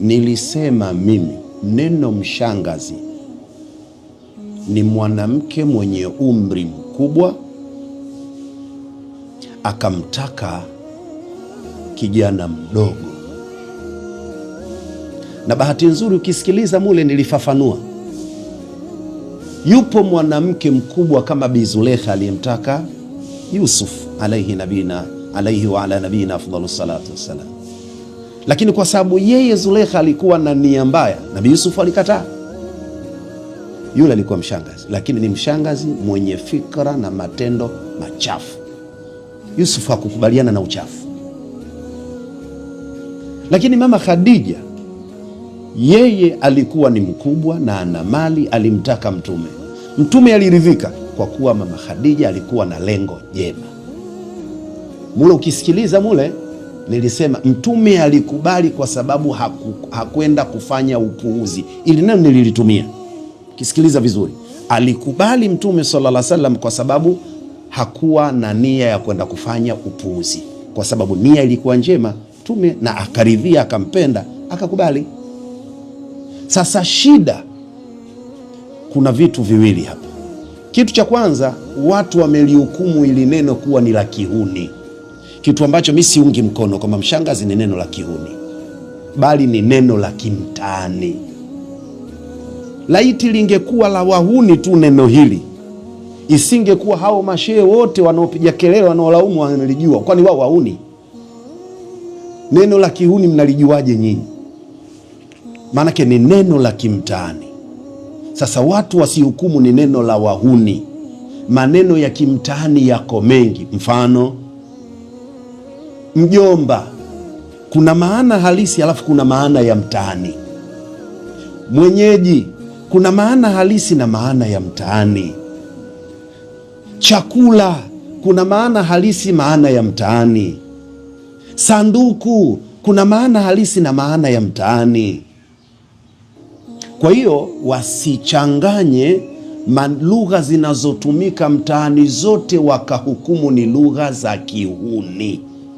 Nilisema mimi neno mshangazi ni mwanamke mwenye umri mkubwa akamtaka kijana mdogo, na bahati nzuri ukisikiliza mule nilifafanua, yupo mwanamke mkubwa kama Bizulekha aliyemtaka Yusuf alaihi nabina alaihi wa ala nabina afdalu salatu wassalam lakini kwa sababu yeye Zulekha alikuwa na nia mbaya, Nabii Yusufu alikataa. Yule alikuwa mshangazi, lakini ni mshangazi mwenye fikra na matendo machafu. Yusufu hakukubaliana na uchafu. Lakini mama Khadija yeye alikuwa ni mkubwa na ana mali, alimtaka mtume. Mtume aliridhika kwa kuwa mama Khadija alikuwa na lengo jema. Mule ukisikiliza mule nilisema mtume alikubali kwa sababu haku, hakwenda kufanya upuuzi. Ili neno nililitumia, kisikiliza vizuri. Alikubali mtume sallallahu alaihi wasallam kwa sababu hakuwa na nia ya kwenda kufanya upuuzi, kwa sababu nia ilikuwa njema mtume, na akaridhia, akampenda, akakubali. Sasa shida, kuna vitu viwili hapa. Kitu cha kwanza, watu wamelihukumu ili neno kuwa ni la kihuni kitu ambacho mi siungi mkono kwamba mshangazi ni neno la kihuni, bali ni neno la kimtaani. Laiti lingekuwa la wahuni tu neno hili, isingekuwa hao mashehe wote wanaopiga kelele, wanaolaumu wanalijua, kwani wao wahuni? Neno la kihuni mnalijuaje nyinyi? Maanake ni neno la kimtaani. Sasa watu wasihukumu, ni neno la wahuni. Maneno ya kimtaani yako mengi, mfano mjomba, kuna maana halisi, alafu kuna maana ya mtaani. Mwenyeji, kuna maana halisi na maana ya mtaani. Chakula, kuna maana halisi, maana ya mtaani. Sanduku, kuna maana halisi na maana ya mtaani. Kwa hiyo wasichanganye lugha zinazotumika mtaani zote wakahukumu ni lugha za kihuni.